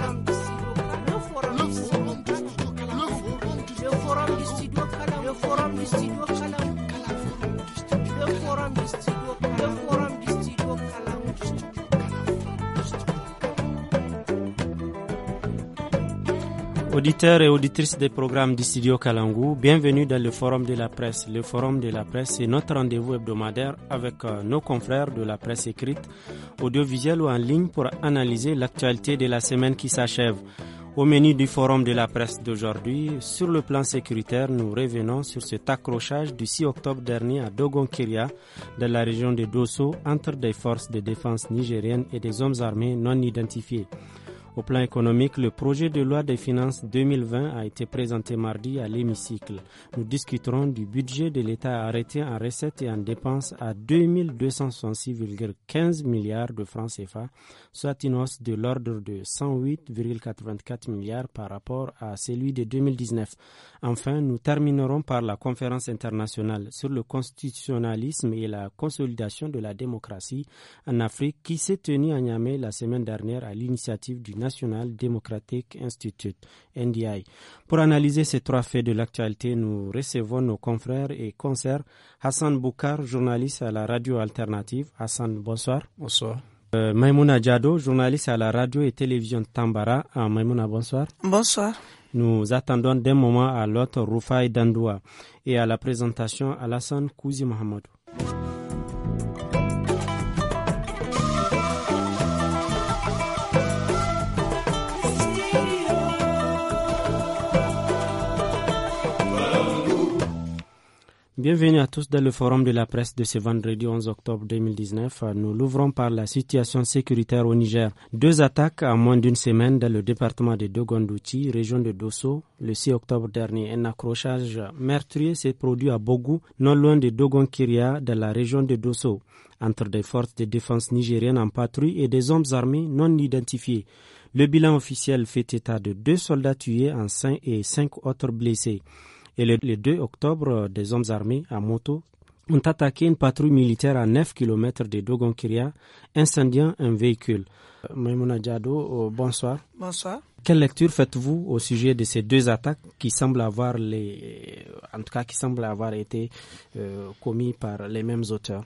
du Auditeurs et auditrices des programmes du studio Kalangou, bienvenue dans le Forum de la presse. Le Forum de la presse est notre rendez-vous hebdomadaire avec euh, nos confrères de la presse écrite, audiovisuelle ou en ligne pour analyser l'actualité de la semaine qui s'achève. Au menu du Forum de la presse d'aujourd'hui, sur le plan sécuritaire, nous revenons sur cet accrochage du 6 octobre dernier à Dogonkiria, dans la région de Dosso, entre des forces de défense nigériennes et des hommes armés non identifiés. Au plan économique, le projet de loi des finances 2020 a été présenté mardi à l'hémicycle. Nous discuterons du budget de l'État arrêté en recettes et en dépenses à 2266,15 milliards de francs CFA, soit une hausse de l'ordre de 108,84 milliards par rapport à celui de 2019. Enfin, nous terminerons par la conférence internationale sur le constitutionnalisme et la consolidation de la démocratie en Afrique qui s'est tenue à Niamey la semaine dernière à l'initiative du National Democratic Institute, NDI. Pour analyser ces trois faits de l'actualité, nous recevons nos confrères et concerts Hassan Boukar, journaliste à la radio alternative. Hassan, bonsoir. Bonsoir. Euh, Maimouna journaliste à la radio et télévision Tambara. Ah, bonsoir. Bonsoir. Nous attendons d'un moment à l'autre Rufai Dandoua et à la présentation Alassane Kouzi Mohamedou. Bienvenue à tous dans le forum de la presse de ce vendredi 11 octobre 2019. Nous l'ouvrons par la situation sécuritaire au Niger. Deux attaques en moins d'une semaine dans le département de Douti, région de Dosso, le 6 octobre dernier. Un accrochage meurtrier s'est produit à Bogou, non loin de Kiria, dans la région de Dosso, entre des forces de défense nigériennes en patrouille et des hommes armés non identifiés. Le bilan officiel fait état de deux soldats tués en et cinq autres blessés et le, 2 octobre, des hommes armés à moto ont attaqué une patrouille militaire à 9 km de Dogonkiria, incendiant un véhicule. Euh, Maimouna Diado, euh, bonsoir. Bonsoir. Quelle lecture faites-vous au sujet de ces deux attaques qui semblent avoir les, euh, en tout cas qui semblent avoir été commises par les mêmes auteurs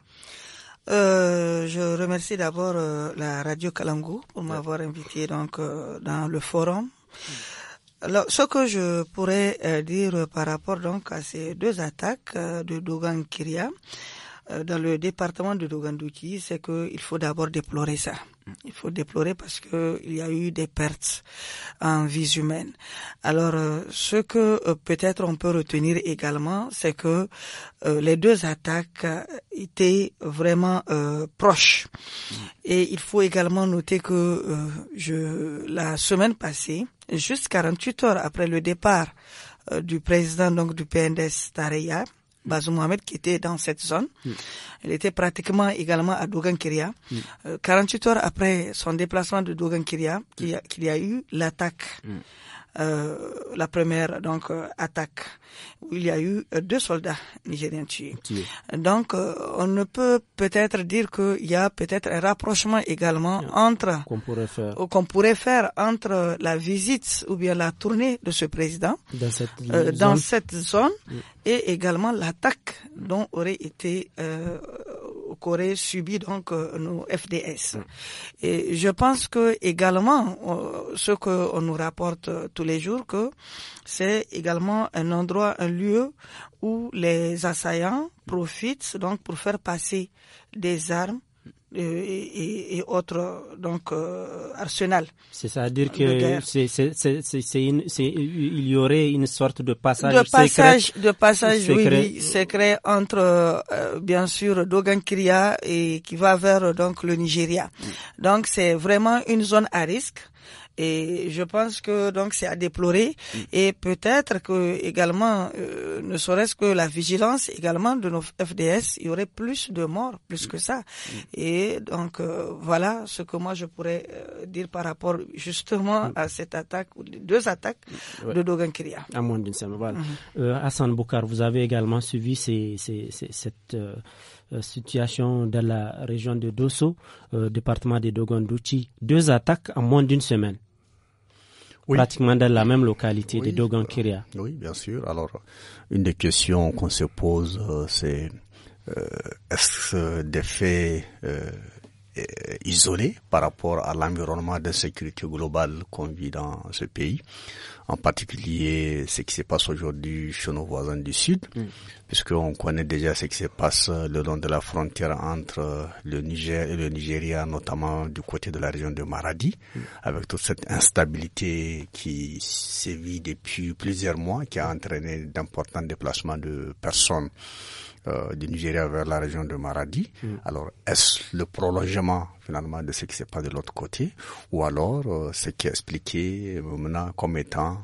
je remercie d'abord la radio Kalangu pour m'avoir invité donc dans le forum. Mm. Alors, ce que je pourrais euh, dire par rapport donc à ces deux attaques euh, de Dogan Kiria euh, dans le département de Dogandouki, c'est il faut d'abord déplorer ça. Il faut déplorer parce que il y a eu des pertes en vies humaines. Alors, ce que peut-être on peut retenir également, c'est que les deux attaques étaient vraiment proches. Et il faut également noter que je, la semaine passée, juste 48 heures après le départ euh, du président donc du PNDS Tareya, mm. Bazou Mohamed, qui était dans cette zone. Il mm. était pratiquement également à Dogan-Kiria. 48 mm. euh, heures après son déplacement de Dogan-Kiria, qu'il y, a eu l'attaque. Euh, la première donc euh, attaque où il y a eu euh, deux soldats nigériens tués. Donc on ne peut peut-être dire qu'il y a peut-être un rapprochement également entre qu'on pourrait faire qu'on pourrait faire entre la visite ou bien la tournée de ce président dans cette zone, dans cette zone et également l'attaque dont aurait été qu'aurait subit donc euh, nos FDS. Et je pense que également euh, ce que on nous rapporte euh, tous les jours que c'est également un endroit, un lieu où les assaillants profitent donc pour faire passer des armes et, et, autres donc euh, arsenal. C'est-à-dire que c'est, il y aurait une sorte de passage de passage secret, de passage secret. secret entre euh, bien sûr Dogan Kiria et qui va vers donc le Nigeria. Mm. Donc c'est vraiment une zone à risque. Et je pense que donc c'est à déplorer mm. et peut-être que également, euh, ne serait-ce que la vigilance également de nos FDS, il y aurait plus de morts, plus mm. que ça. Mm. Et donc euh, voilà ce que moi je pourrais euh, dire par rapport justement à cette attaque, ou deux attaques de Dogan À moins d'une semaine. Voilà. Mm-hmm. Hassan Boukar, vous avez également suivi ces, ces, cette situation dans la région de Dosso, département de Douchi, deux attaques en moins d'une semaine pratiquement dans la même localité de Dogan-Kiria. Oui, bien sûr. Alors, une des questions qu'on se pose, euh, c'est euh, est-ce des faits euh, isolés par rapport à l'environnement de sécurité globale qu'on vit dans ce pays en particulier ce qui se passe aujourd'hui chez nos voisins du Sud, mm. puisqu'on connaît déjà ce qui se passe le long de la frontière entre le Niger et le Nigeria, notamment du côté de la région de Maradi, mm. avec toute cette instabilité qui sévit depuis plusieurs mois, qui a entraîné d'importants déplacements de personnes euh, du Nigeria vers la région de Maradi. Mm. Alors, est-ce le prolongement finalement de ce qui se passe de l'autre côté, ou alors euh, ce qui est expliqué euh, maintenant comme étant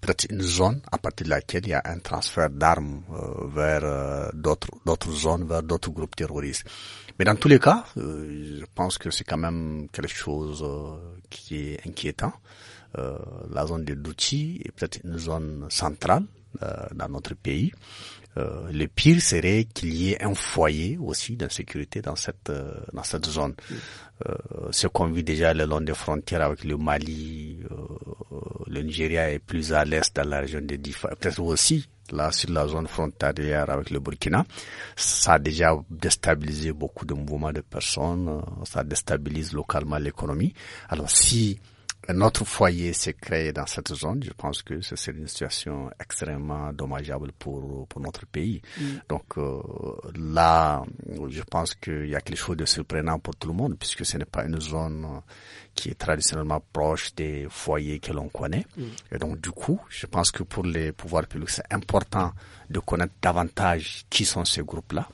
peut-être une zone à partir de laquelle il y a un transfert d'armes euh, vers euh, d'autres d'autres zones, vers d'autres groupes terroristes. Mais dans tous les cas, euh, je pense que c'est quand même quelque chose qui est inquiétant. la zone de Douti est peut-être une zone centrale dans notre pays. Euh, le pire serait qu'il y ait un foyer aussi d'insécurité dans cette euh, dans cette zone. Mm. Euh, ce qu'on vit déjà le long des frontières avec le Mali, le Nigeria est plus à l'est dans la région des Difa, peut-être aussi là sur la zone frontalière avec le Burkina, ça a déjà déstabilisé beaucoup de mouvements de personnes, ça déstabilise localement l'économie. Alors si un autre foyer s'est créé dans cette zone. Je pense que c'est une situation extrêmement dommageable pour, pour notre pays. Mm. Donc euh, là, je pense qu'il y a quelque chose de surprenant pour tout le monde, puisque ce n'est pas une zone qui est traditionnellement proche des foyers que l'on connaît. Mm. Et donc du coup, je pense que pour les pouvoirs publics, c'est important de connaître davantage qui sont ces groupes-là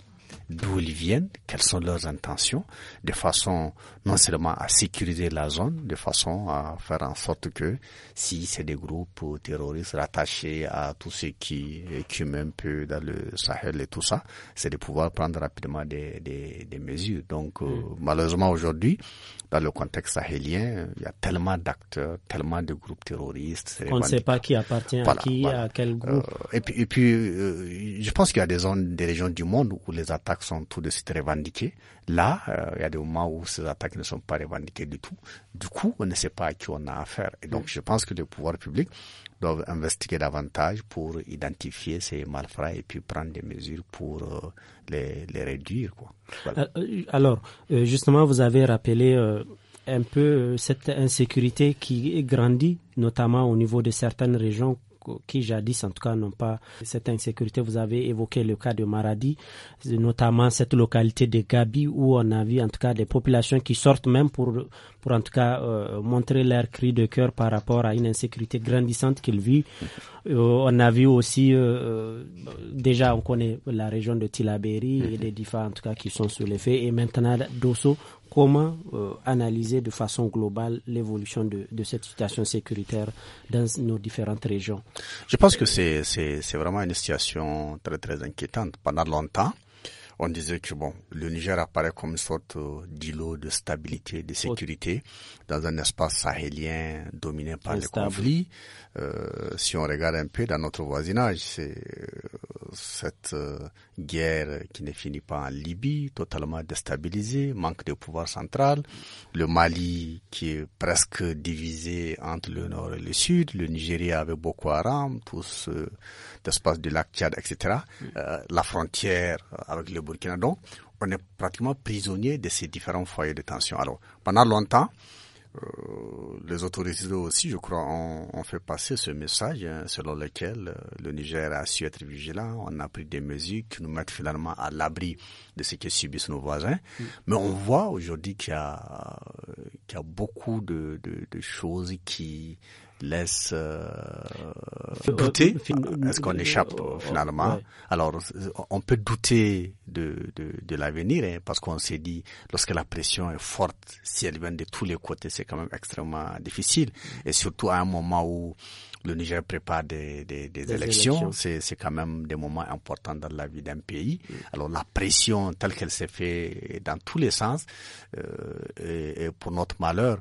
d'où ils viennent, quelles sont leurs intentions, de façon non seulement à sécuriser la zone, de façon à faire en sorte que si c'est des groupes terroristes rattachés à tous ceux qui écument un peu dans le Sahel et tout ça, c'est de pouvoir prendre rapidement des, des, des mesures. Donc euh, mm. malheureusement aujourd'hui, dans le contexte sahélien, il y a tellement d'acteurs, tellement de groupes terroristes. On ne sait pas qui appartient à qui, à quel groupe. Euh, et puis, et puis euh, je pense qu'il y a des zones, des régions du monde où les attaques sont tout de suite revendiquées. Là, euh, il y a des moments où ces attaques ne sont pas revendiquées du tout. Du coup, on ne sait pas à qui on a affaire. Et donc, mm. je pense que les pouvoirs publics doivent investiguer davantage pour identifier ces malfrats et puis prendre des mesures pour euh, les, les, réduire. Quoi. Euh, alors, justement, vous avez rappelé un peu cette insécurité qui grandit, notamment au niveau de certaines régions qui jadis en tout cas n'ont pas cette insécurité. Vous avez évoqué le cas de Maradi, notamment cette localité de Gabi où on a vu en tout cas des populations qui sortent même pour, pour en tout cas euh, montrer leur cri de cœur par rapport à une insécurité grandissante qu'ils vivent. Euh, on a vu aussi, euh, déjà on connaît la région de Tilaberi et les mhm. différents, en tout cas qui sont sous les faits et maintenant Dosso comment euh, analyser de façon globale l'évolution de, de, cette situation sécuritaire dans nos différentes régions Je pense que c'est, c'est, vraiment une situation très très inquiétante. Pendant longtemps, on disait que bon, le Niger apparaît comme une sorte d'îlot de stabilité, de sécurité dans un espace sahélien dominé par les conflits. Euh, si on regarde un peu dans notre voisinage, c'est euh, cette euh, guerre qui ne finit pas en Libye, totalement déstabilisée, manque de pouvoir central, le Mali qui est presque divisé entre le nord et le sud, le Nigeria avec Boko Haram, tout ce espace du lac Tchad, etc., mm. euh, la frontière avec le Burkina. Donc, on est pratiquement prisonnier de ces différents foyers de tension. Alors, pendant longtemps, euh, les autorités aussi, je crois, ont, ont fait passer ce message hein, selon lequel euh, le Niger a su être vigilant, on a pris des mesures qui nous mettent finalement à l'abri de ce que subissent nos voisins. Mm. Mais on voit aujourd'hui qu'il y, euh, y, a beaucoup de, de, de choses qui laisse euh, euh douter. Euh, est-ce qu'on échappe euh, finalement Alors, on peut douter de, de, de l'avenir hein, parce qu'on s'est dit, lorsque la pression est forte, si elle vient de tous les côtés, c'est quand même extrêmement difficile. Mm. Et surtout à un moment où le Niger prépare des, des, des, élections, c'est c'est quand même des moments importants dans la vie d'un pays. Mm. Alors la pression telle qu'elle s'est faite dans tous les sens, euh, et, et pour notre malheur,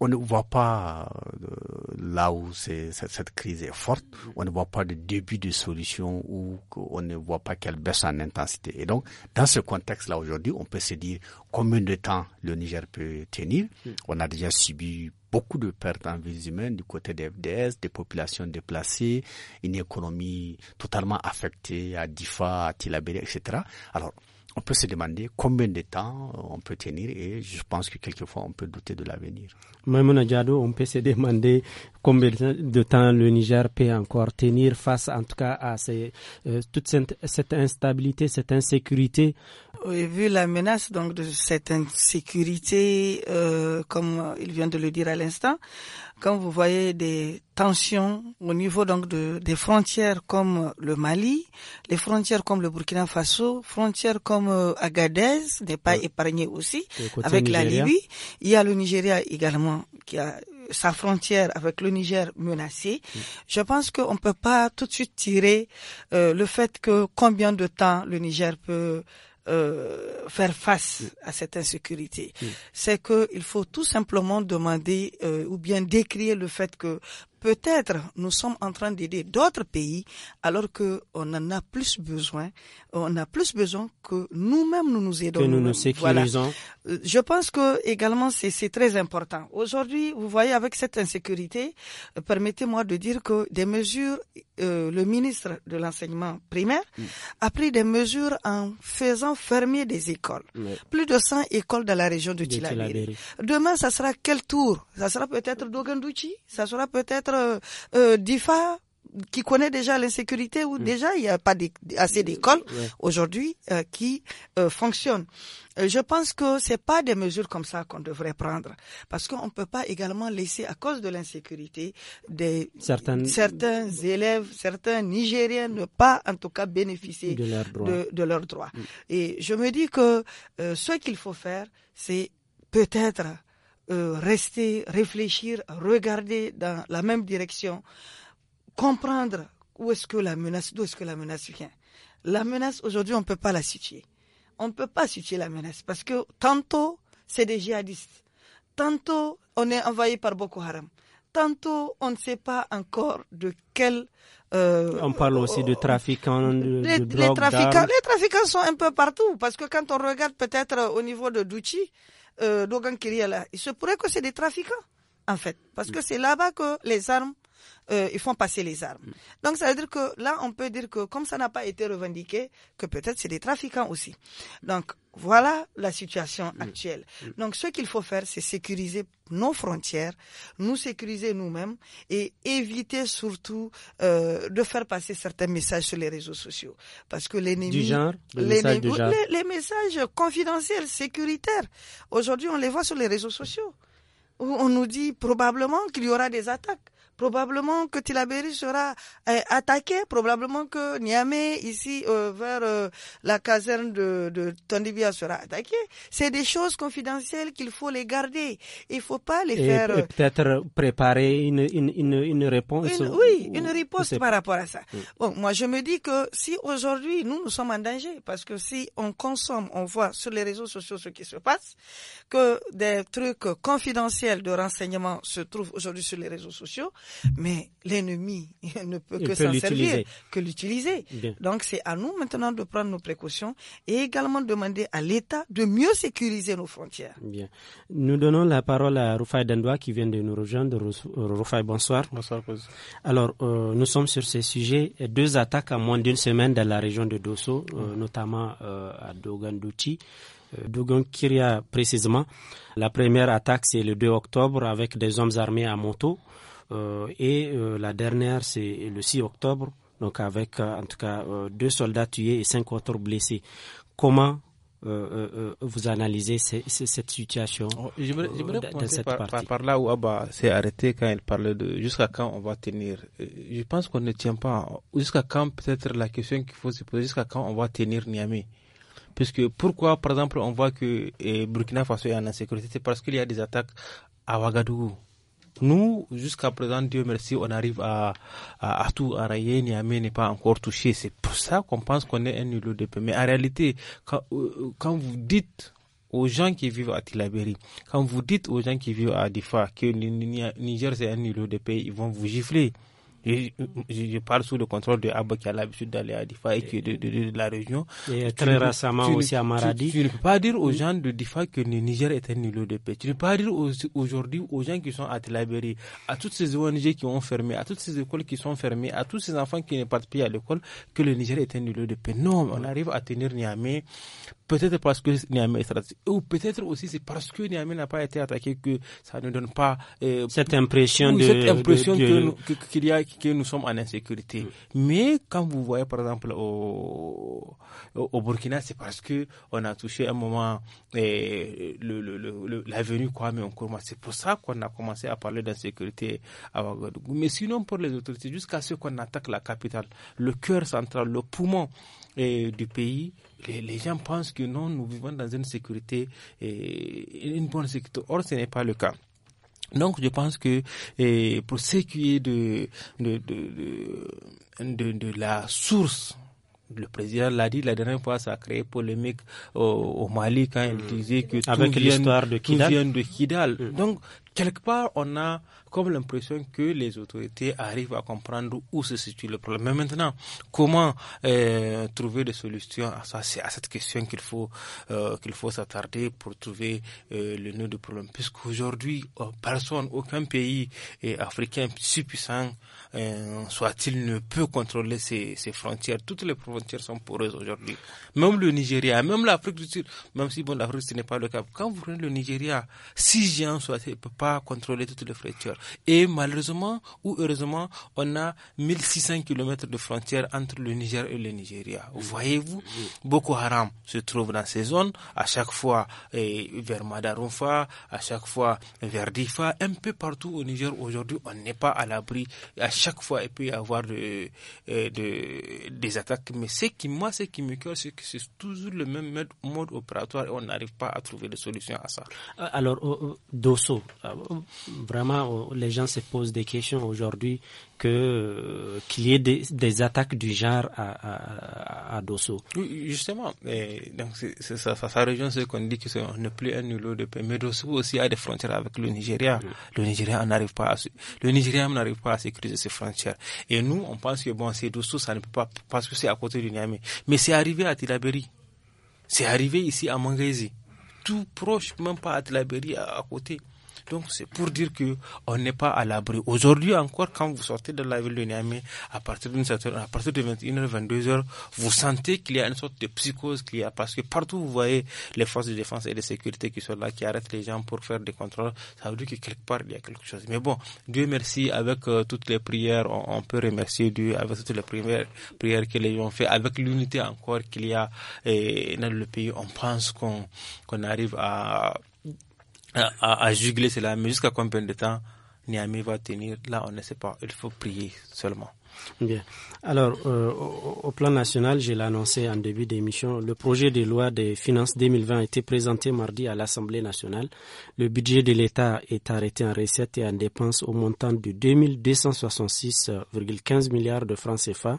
on ne voit pas euh, là où cette crise est forte, on ne voit pas de début de solution ou on ne voit pas qu'elle baisse en intensité. Et donc, dans ce contexte-là aujourd'hui, on peut se dire combien de temps le Niger peut tenir. Hmm. On a déjà subi beaucoup de pertes en vies humaines du côté des FDS, des populations déplacées, une économie totalement affectée à Difa, à Tillabéri, etc. Alors, on peut se demander combien de temps euh, on peut tenir et je pense que quelquefois on peut douter de l'avenir. Maimouna Diado, on peut se demander combien de temps le Niger peut encore tenir face en tout cas à euh, toute cette, instabilité, cette insécurité. vu la menace donc de cette insécurité, euh, comme il vient de le dire à l'instant, quand vous voyez des tensions au niveau donc de, des frontières comme le Mali, les frontières comme le Burkina Faso, frontières comme euh, Agadez n'est pas ouais. aussi avec la Libye. Il y a le Nigeria également qui a euh, sa frontière avec le Niger menacée. Mm. Je pense qu'on ne peut pas tout de suite tirer euh, le fait que combien de temps le Niger peut euh, faire face à cette insécurité. C'est qu'il faut tout simplement demander euh, ou bien décrire le fait que peut-être nous sommes en train d'aider d'autres pays alors que on en a plus besoin. On a plus besoin que nous-mêmes nous nous aidons. Que nous nous sécurisons. Voilà. Euh, je pense que également c'est très important. Aujourd'hui, vous voyez avec cette insécurité, euh, permettez-moi de dire que des mesures, euh, le ministre de l'enseignement primaire mm. a pris des mesures en faisant fermer des écoles. Plus de 100 écoles dans la région de, de Demain, ça sera quel tour Ça sera peut-être Dogandouchi, ça sera peut-être euh, euh, DIFA qui connaît déjà l'insécurité ou déjà il n'y a pas assez d'écoles aujourd'hui euh, qui fonctionnent. Je pense que c'est pas des mesures comme ça qu'on devrait prendre parce qu'on ne peut pas également laisser à cause de l'insécurité des certains certains élèves, certains Nigériens ne pas en tout cas bénéficier de leurs droits. Mm. Et je me dis que ce qu'il faut faire, c'est peut-être euh, rester, réfléchir, regarder dans la même direction, comprendre où est-ce que la menace, d'où est-ce que la menace vient. La menace, aujourd'hui, on ne peut pas la situer. On ne peut pas situer la menace parce que tantôt, c'est des djihadistes. Tantôt, on est envahi par Boko Haram. Tantôt, on ne sait pas encore de quel... Euh, on parle aussi de euh, trafiquants, de, les, trafiquants les trafiquants sont un peu partout parce que quand on regarde peut-être au niveau de Douchi, euh, Dogan là il se pourrait que c'est des trafiquants, en fait. Parce que mm. c'est là-bas que les armes euh, ils font passer les armes. Mm. Donc ça veut dire que là, on peut dire que comme ça n'a pas été revendiqué, que peut-être c'est des trafiquants aussi. Donc voilà la situation mm. actuelle. Mm. Donc ce qu'il faut faire, c'est sécuriser nos frontières, nous sécuriser nous-mêmes et éviter surtout euh, de faire passer certains messages sur les réseaux sociaux. Parce que les, messages les messages confidentiels, sécuritaires, aujourd'hui on les voit sur les réseaux sociaux où on nous dit probablement qu'il y aura des attaques probablement que Tilaberi sera euh, attaqué, probablement que Niamey, ici, euh, vers euh, la caserne de, de Tondibia sera attaqué. C'est des choses confidentielles qu'il faut les garder. Il faut pas les faire... Et peut-être préparer une, une, une, réponse. oui, une réponse par rapport à ça. Bon, moi, je me dis que si aujourd'hui, nous, nous sommes en danger, parce que si on consomme, on voit sur les réseaux sociaux ce qui se passe, que des trucs confidentiels de renseignement se trouvent aujourd'hui sur les réseaux sociaux, mais l'ennemi ne peut que s'en servir, que l'utiliser. Donc c'est à nous maintenant de prendre nos précautions et également demander à l'État de mieux sécuriser nos frontières. Bien. Nous donnons la parole à Rufai Dandoua qui vient de nous rejoindre. Euh, Rufai, bonsoir. Bonsoir. Alors, euh, nous sommes sur ce sujet. Deux attaques en moins d'une semaine dans la région de Dosso, euh, mm. notamment euh, à Duti, Dougon Kiria précisément. La première attaque, c'est le 2 octobre avec des hommes armés à moto. Euh, et euh, la dernière, c'est le 6 octobre, donc avec euh, en tout cas deux soldats tués et cinq autres blessés. Comment vous analysez cette situation oh, je voudrais cette par, Par, là où Abba s'est arrêté quand il parlait de jusqu'à quand on va tenir. Je pense qu'on ne tient pas. Jusqu'à quand peut-être la question qu'il faut se poser, jusqu'à quand on va tenir Niamey Puisque pourquoi, par exemple, on voit que eh, Burkina Faso est en insécurité C'est parce qu'il y a des attaques à Ouagadougou. Nous, jusqu'à présent, Dieu merci, on arrive à, à, à tout arrayer. Niamey n'est pas encore touché. C'est pour ça qu'on pense qu'on est un îlot de paix. Mais en réalité, euh, quand, vous dites aux gens qui vivent à Tilaberi, quand vous dites aux gens qui vivent à Difa que Niger c'est un îlot de paix, ils vont vous gifler. Je, parle sous le contrôle de Abba qui a l'habitude d'aller à Difa et qui est de, de, la région. Et euh, très récemment aussi à Maradi. Tu, ne peux pas dire aux gens de Difa que le Niger est un îlot de paix. Tu ne peux pas dire aujourd'hui aux gens qui sont à Telaberi, à toutes ces ONG qui ont fermé, à toutes ces écoles qui sont fermées, à tous ces enfants qui ne partent plus à l'école, que le Niger est un îlot de paix. Non, on arrive à tenir Niamey peut-être parce que Niamey ou peut-être aussi c'est parce que Niamey n'a pas été attaqué que ça ne donne pas euh, cette impression, de, cette impression que, y a, que nous sommes en insécurité. Mais quand vous voyez par exemple au, au Burkina, c'est parce que on a touché un moment euh, le le, le, le, l'avenue Kwame Nkrumah. C'est pour ça qu'on a commencé à parler d'insécurité à Ouagadougou. Mais sinon pour les autorités, jusqu'à ce qu'on attaque la capitale, le cœur central, le poumon du pays, les, gens pensent que non, nous vivons dans une sécurité, et une bonne sécurité. Or, ce n'est pas le cas. Donc, je pense que pour ce de, de, de, de, la source le président l'a dit la dernière fois, ça a créé polémique au, Mali quand il hmm. disait que Avec tout, vient, de Kidal. vient de Kidal. Hmm. Donc, quelque part, on a comme l'impression que les autorités arrivent à comprendre où se situe le problème. Mais maintenant, comment euh, trouver des solutions à ça C'est à cette question qu'il faut euh, qu'il faut s'attarder pour trouver euh, le nœud du problème, puisqu'aujourd'hui, oh, personne, aucun pays africain si puissant soit-il ne peut contrôler ses, ses, frontières. Toutes les frontières sont poreuses aujourd'hui. Même le Nigeria, même l'Afrique du Sud, même si bon l'Afrique ce n'est pas le cas. Quand vous prenez le Nigeria, si géant soit-il, ne peut pas contrôler toutes les frontières. Et malheureusement ou heureusement, on a 1600 km de frontières entre le Niger et le Nigeria. Voyez-vous, Boko Haram se trouve dans ces zones, à chaque fois eh, vers Madarumfa, à chaque fois vers Difa, un peu partout au Niger aujourd'hui, on n'est pas à l'abri. À chaque fois, il peut y avoir eh, des attaques. Mais ce qui, moi, ce qui me cœur, c'est que c'est toujours le même mode, opératoire et on n'arrive pas à trouver de solution à ça. Euh, alors, euh, euh, Dosso, vraiment, les gens se posent des questions aujourd'hui que euh, qu'il y ait des, attaques du genre à, à, Dosso. justement, donc c'est ça, ça, rejoint ce qu'on dit que n'est plus un nulot de paix. Mais Dosso aussi a des frontières avec le Nigeria. Le Nigeria n'arrive pas à le Nigeria n'arrive pas à sécuriser ses frontières. Et nous, on pense que bon, c'est Dosso, ça ne peut pas parce que c'est à côté du Niamey. Mais c'est arrivé à Tilaberi, c'est arrivé ici à Mangézi, tout proche, même pas à Tilaberi, à côté. Donc c'est pour dire que on n'est pas à l'abri. Aujourd'hui encore, quand vous sortez de la ville de Niamey, à partir d'une certaine, à partir de 21h, 22h, vous sentez qu'il y a une sorte de psychose qu'il y a parce que partout vous voyez les forces de défense et de sécurité qui sont là, qui arrêtent les gens pour faire des contrôles. Ça veut dire que quelque part il y a quelque chose. Mais bon, Dieu merci, avec euh, toutes les prières, on, peut remercier Dieu avec toutes les prières, prières que les gens ont fait, avec l'unité encore qu'il y a dans le pays. On pense qu'on qu'on arrive à à, à juguler cela, mais jusqu'à combien de temps Niamey va tenir, là on ne sait pas. Il faut prier seulement. Bien. Alors, euh, au, plan national, j'ai l'ai annoncé en début d'émission, le projet de loi des finances 2020 a été présenté mardi à l'Assemblée nationale. Le budget de l'État est arrêté en recettes et en dépenses au montant de 2266,15 euh, milliards de francs CFA,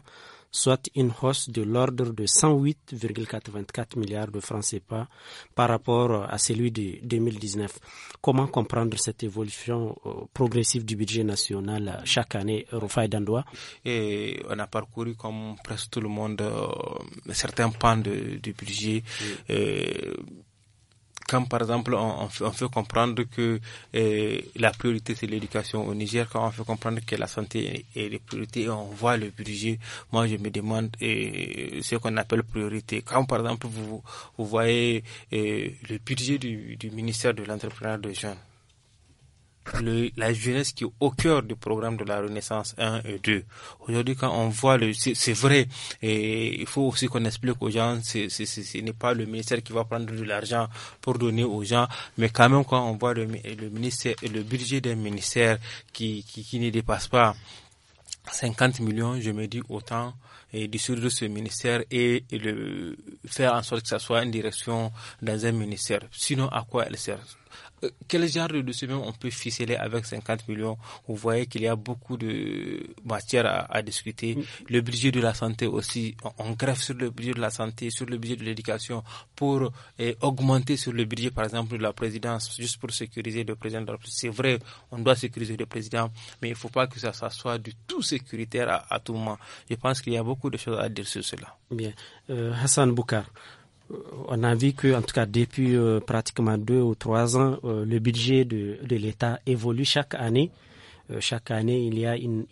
soit une hausse de l'ordre de 108,84 milliards de francs CFA par rapport à celui de 2019. Comment comprendre cette évolution euh, progressive du budget national euh, chaque année, euh, Rufai Et on a parcouru, comme presque tout le monde, certains pans du budget quand par exemple on, on fait comprendre que eh, la priorité c'est l'éducation au Niger, quand on fait comprendre que la santé est, la priorité, on voit le budget. Moi je me demande eh, ce qu'on appelle priorité. Quand par exemple vous, vous voyez eh, le budget du, ministère de l'entrepreneuriat de jeunes, le, la jeunesse qui est au cœur du programme de la Renaissance 1 et 2. Aujourd'hui, quand on voit le, c'est vrai, et il faut aussi qu'on explique aux gens, ce n'est pas le ministère qui va prendre de l'argent pour donner aux gens, mais quand même quand on voit le, ministère, le budget d'un ministère qui, qui, ne dépasse pas 50 millions, je me dis autant et dissoudre ce ministère et, le faire en sorte que ça soit une direction dans un ministère. Sinon, à quoi elle sert euh, quel genre de dossier on peut ficeler avec 50 millions Vous voyez qu'il y a beaucoup de matière à, discuter. Mm. Le budget de la santé aussi, on greffe sur le budget de la santé, sur le budget de l'éducation, pour eh, augmenter sur le budget, par exemple, de la présidence, juste pour sécuriser le président C'est vrai, on doit sécuriser le président, mais il ne faut pas que ça, soit du tout sécuritaire à, tout moment. Je pense qu'il y a beaucoup de choses à dire sur cela. Bien. Euh, Hassan Boukar, euh, on a vu que, en tout cas, depuis euh, pratiquement deux ou trois ans, euh, le budget de, l'État évolue chaque année. chaque année, il y a une,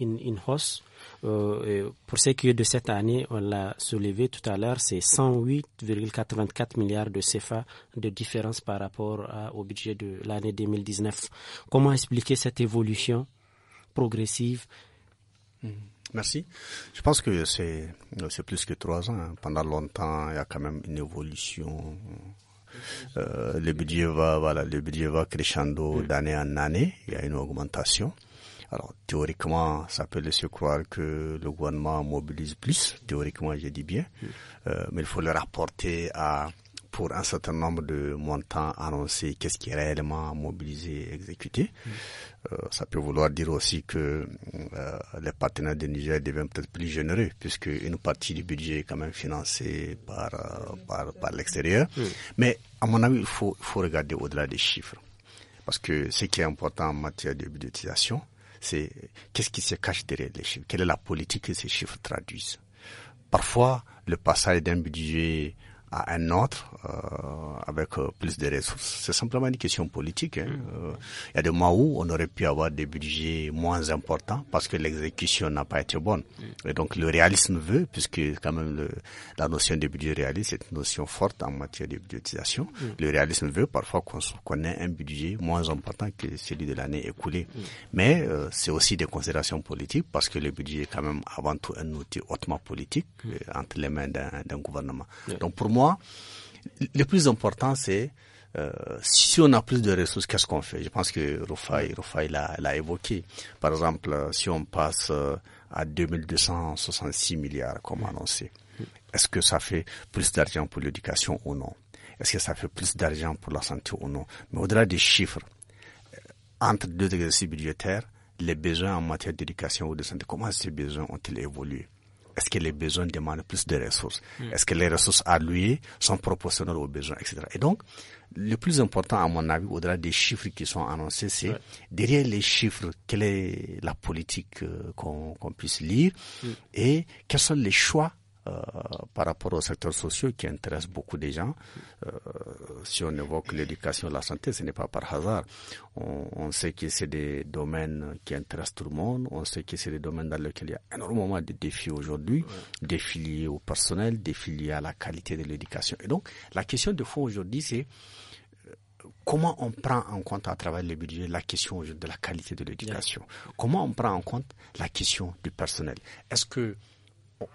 hausse. pour ce qui est de cette année, on l'a soulevé tout à l'heure, c'est 108,84 milliards de CFA de différence par rapport au budget de l'année 2019. Comment expliquer cette évolution progressive mmh. Merci. Je pense que c'est plus que trois ans. Hein. Pendant longtemps, il y a quand même une évolution. Euh, le budget va voilà, le budget va crescendo mm. d'année en année. Il y a une augmentation. Alors théoriquement, ça peut laisser croire que le gouvernement mobilise plus. Théoriquement, j'ai dit bien, mm. euh, mais il faut le rapporter à pour un certain nombre de montants annoncés, qu'est-ce qui est réellement mobilisé et exécuté. Euh, ça peut vouloir dire aussi que euh, les partenaires de Niger deviennent peut-être plus généreux, puisque une partie du budget est quand même financée euh, par, par, l'extérieur. Mais à mon avis, il faut, faut regarder au-delà des chiffres. Parce que ce qui est important en matière de budgétisation, c'est qu'est-ce qui se cache derrière les chiffres, quelle est la politique que ces chiffres traduisent. Parfois, le passage d'un budget à un autre euh, avec euh, plus de ressources. C'est simplement une question politique. Hein. Mmh. Euh, il hein. y a des mois où on aurait pu avoir des budgets moins importants parce que l'exécution n'a pas été bonne. Mmh. Et donc le réalisme veut, puisque quand même la notion de budget réaliste est une notion forte en matière de budgétisation, mmh. le réalisme veut parfois qu'on qu ait un budget moins important que celui de l'année écoulée. Mais euh, c'est aussi des considérations politiques parce que le budget est quand même avant tout un outil hautement politique entre les mains d'un gouvernement. Donc pour moi, le plus important, c'est euh, si on a plus de ressources, qu'est-ce qu'on fait Je pense que Rufai, l'a évoqué. Par exemple, si on passe euh, à 2266 milliards, comme annoncé, est-ce que ça fait plus d'argent pour l'éducation ou non Est-ce que ça fait plus d'argent pour la santé ou non Mais au-delà des chiffres, euh, entre deux exercices budgétaires, les besoins en matière d'éducation ou de santé, comment ces besoins ont-ils évolué est-ce que les besoins demandent plus de ressources hmm. Est-ce que les ressources allouées sont proportionnelles aux besoins, etc. Et donc, le plus important, à mon avis, au-delà des chiffres qui sont annoncés, c'est derrière les chiffres, quelle est la politique euh, qu'on puisse lire hmm. et quels sont les choix euh, par rapport au secteur social qui intéresse beaucoup de gens. Euh, si on évoque l'éducation, la santé, ce n'est pas par hasard. On, sait que c'est des domaines qui intéressent tout le monde. On sait que c'est des domaines dans lesquels il y a énormément de défis aujourd'hui, ouais. défis liés au personnel, défis liés à la qualité de l'éducation. Et donc, la question de fond aujourd'hui, c'est euh, comment on prend en compte à travers le budget la question de la qualité de l'éducation Comment on prend en compte la question du personnel Est-ce que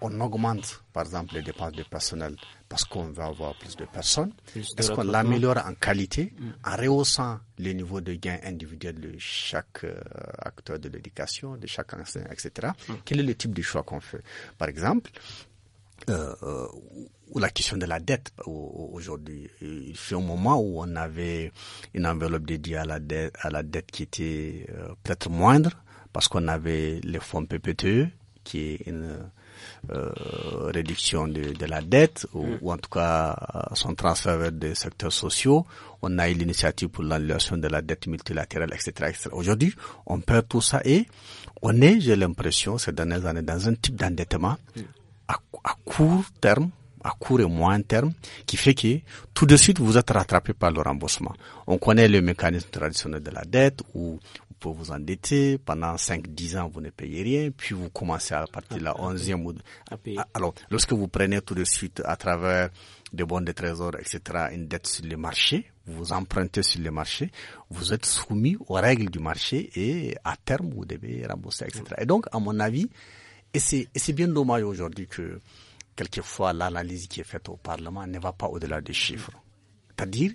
on augmente, par exemple, les dépenses de personnel parce qu'on veut avoir plus de personnes Est-ce qu'on l'améliore en qualité mm. en rehaussant les niveaux de gains individuel de chaque euh, acteur de l'éducation, de chaque enseignant, etc. Mm. Quel est le type de choix qu'on fait Par exemple, ou euh, euh, la question de la dette aujourd'hui. Il fait un moment où on avait une enveloppe dédiée à la à la dette qui était peut-être moindre parce qu'on avait les fonds PPTE qui est une euh, réduction de, de, la dette ou, mm. en tout cas euh, son transfert vers des secteurs sociaux. On a eu l'initiative pour l'annulation de la dette multilatérale, etc. Aujourd'hui, on perd tout ça et on est, j'ai l'impression, ces dernières années, dans un type d'endettement mm. à, court terme à court et moyen terme, qui fait que tout de suite vous êtes rattrapé par le remboursement. On connaît le mécanisme traditionnel de la dette où pour vous endetter. Pendant 5-10 ans, vous ne payez rien. Puis vous commencez à partir de la 11e. Ah, ou... Ah, alors, lorsque vous prenez tout de suite à travers des bons de trésor, etc., une dette sur le marché, vous empruntez sur le marché, vous êtes soumis aux règles du marché et à terme, vous devez rembourser, etc. Et donc, à mon avis, et c'est bien dommage aujourd'hui que quelquefois l'analyse qui est faite au Parlement ne va pas au-delà des chiffres. C'est-à-dire,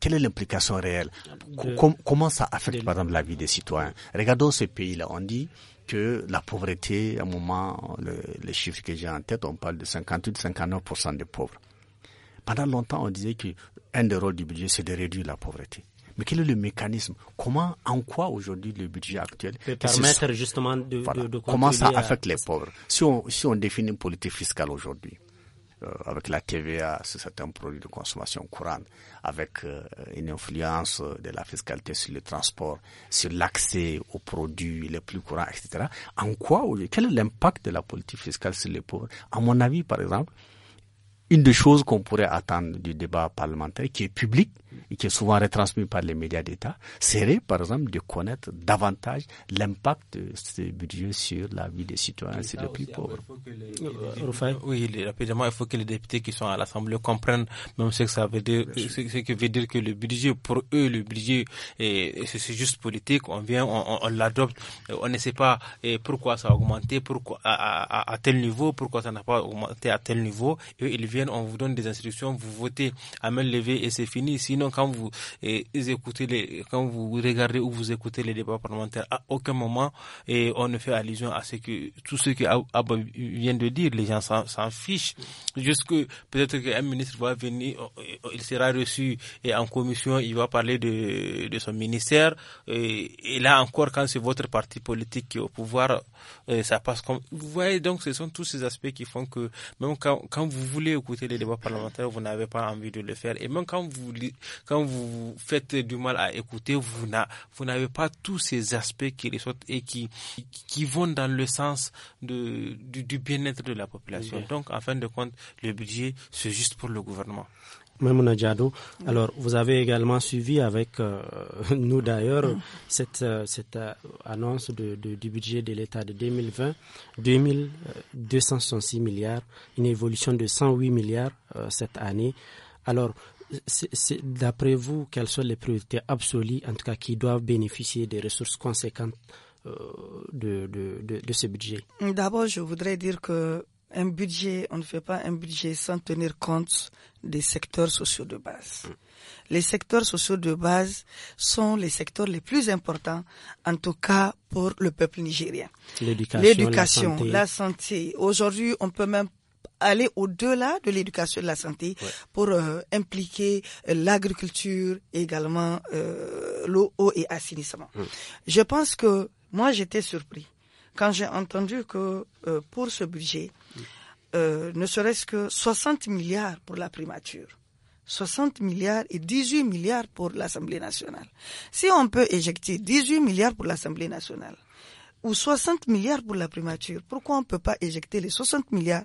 quelle est l'implication réelle ah, Comment ça affecte, par exemple, la vie des citoyens Regardons ces pays-là. On dit que la pauvreté, à un moment, les chiffres que j'ai en tête, on parle de 58-59% de pauvres. Pendant longtemps, on disait qu'un des rôles du budget, c'est de réduire la pauvreté. Mais quel est le mécanisme Comment, en quoi aujourd'hui le budget actuel peut permettre justement de, voilà. Comment ça affecte les pauvres si on définit une politique fiscale aujourd'hui, euh, avec la TVA sur certains produits de consommation courante, avec euh, une influence de la fiscalité sur le transport, sur l'accès aux produits les plus courants, etc. En quoi, quel est l'impact de la politique fiscale sur les pauvres À mon avis, par exemple, une des choses qu'on pourrait attendre du débat parlementaire, qui est public, et qui est souvent retransmis par les médias d'État, serait par exemple de connaître davantage l'impact de ce budget sur la vie des citoyens c'est le plus pauvres. Euh, oui, rapidement, il faut que les députés qui sont à l'Assemblée comprennent même ce que ça veut dire, ce, que veut dire que le budget, pour eux, le budget, c'est juste politique, on vient, on, l'adopte, euh, on ne sait pas pourquoi ça a augmenté, pourquoi, à, tel niveau, pourquoi ça n'a pas augmenté à tel niveau, Et ils viennent, on vous donne des instructions, vous votez à main levée et c'est fini, sinon quand vous écoutez les, quand vous regardez ou vous écoutez les débats parlementaires, à aucun moment et on ne fait allusion à ce que tout ce que Abba vient de dire. Les gens s'en fichent. Jusque peut-être qu'un ministre va venir, oh, oh, il sera reçu et en commission, il va parler de, son ministère. Et, et là encore, quand c'est votre parti politique qui est au pouvoir, ça passe comme... Vous voyez, donc ce sont tous ces aspects qui font que même quand, quand vous voulez écouter les débats parlementaires, vous n'avez pas envie de le faire. Et même quand vous, quand vous faites du mal à écouter, vous n'avez pas tous ces aspects qui ressortent et qui, qui vont dans le sens de, du, du bien-être de la population. Donc, en fin de compte, le budget, c'est juste pour le gouvernement. Mme Nadjado, alors vous avez également suivi avec euh, nous d'ailleurs cette, euh, cette, euh, annonce du budget de l'État de 2020, 2266 milliards, une évolution de 108 milliards cette année. Alors, d'après vous, quelles sont les priorités absolues, en tout cas qui doivent bénéficier des ressources conséquentes de ce budget D'abord, je voudrais dire que un budget, on ne fait pas un budget sans tenir compte des secteurs sociaux de base. Mm. Les secteurs sociaux de base sont les secteurs les plus importants, en tout cas pour le peuple nigérien. L'éducation, la, santé. Aujourd'hui, on peut même aller au-delà de l'éducation et de la santé pour euh, impliquer euh, l'agriculture également euh, l'eau, eau et assainissement. Mm. Je pense que moi j'étais surpris quand j'ai entendu que pour ce budget, euh, ne serait-ce que 60 milliards pour la primature. 60 milliards et 18 milliards pour l'Assemblée nationale. Si on peut éjecter 18 milliards pour l'Assemblée nationale ou 60 milliards pour la primature, pourquoi on ne peut pas éjecter les 60 milliards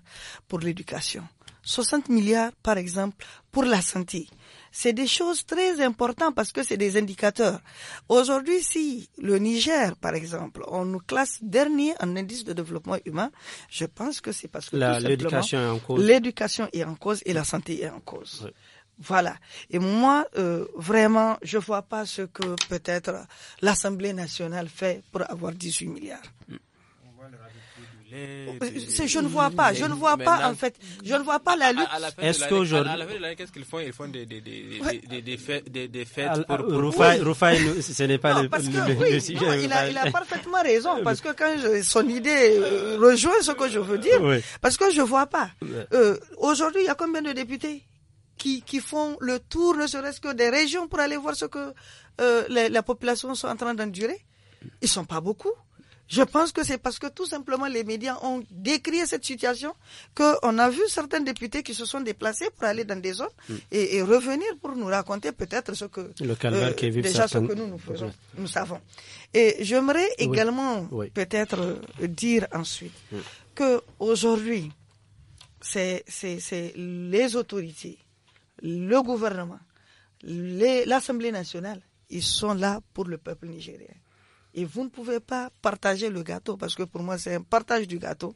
pour l'éducation 60 milliards, par exemple, pour la santé c'est des choses très importantes parce que c'est des indicateurs. Aujourd'hui, si le Niger, par exemple, on nous classe dernier en indice de développement humain, je pense que c'est parce que l'éducation est en cause. L'éducation est en cause et la santé est en cause. Voilà. Et moi, euh, vraiment, je vois pas ce que peut-être l'Assemblée nationale fait pour avoir 18 milliards. Euh, je ne vois pas, je ne vois pas en fait, je ne vois pas la lutte. Est-ce qu'aujourd'hui, qu'est-ce qu'ils font Ils font des fêtes pour ce n'est pas le sujet. Il a parfaitement raison parce que quand son idée euh, rejoint ce que je veux dire, parce que je vois pas. Euh, aujourd'hui, il y a combien de députés qui, font le tour, ne serait-ce que des régions, pour aller voir ce que la population sont en train d'endurer. Ils sont pas beaucoup. Je pense que c'est parce que tout simplement les médias ont décrit cette situation qu'on a vu certains députés qui se sont déplacés pour aller dans des zones mm. et, revenir pour nous raconter peut-être ce que euh, déjà ce que nous nous faisons, nous savons. Et j'aimerais également peut-être euh, dire ensuite qu'aujourd'hui, mm. que aujourd'hui c'est les autorités, le gouvernement, l'Assemblée nationale, ils sont là pour le peuple nigérien et vous ne pouvez pas partager le gâteau parce que pour moi c'est un partage du gâteau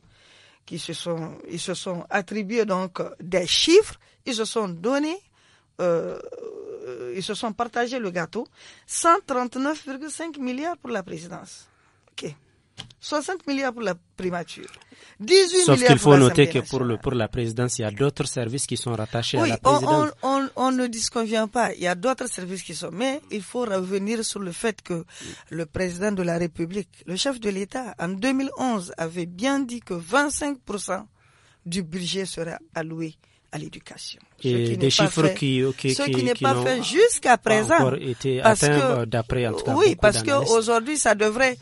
qui se sont ils se sont attribués donc des chiffres ils se sont donnés euh, ils se sont partagés le gâteau 139,5 milliards pour la présidence ok 60 milliards pour la primature. 18 Sauf qu'il faut noter que pour, le, pour la présidence, il y a d'autres services qui sont rattachés à la présidence. On, on, on, ne disconvient pas. Il y a d'autres services qui sont. Mais il faut revenir sur le fait que le président de la République, le chef de l'État, en 2011, avait bien dit que 25% du budget serait alloué à l'éducation. Et des chiffres qui, qui, ce qui, n'est pas fait jusqu'à présent. Encore été parce que, euh, d'après en tout cas, Oui, parce qu'aujourd'hui, ça devrait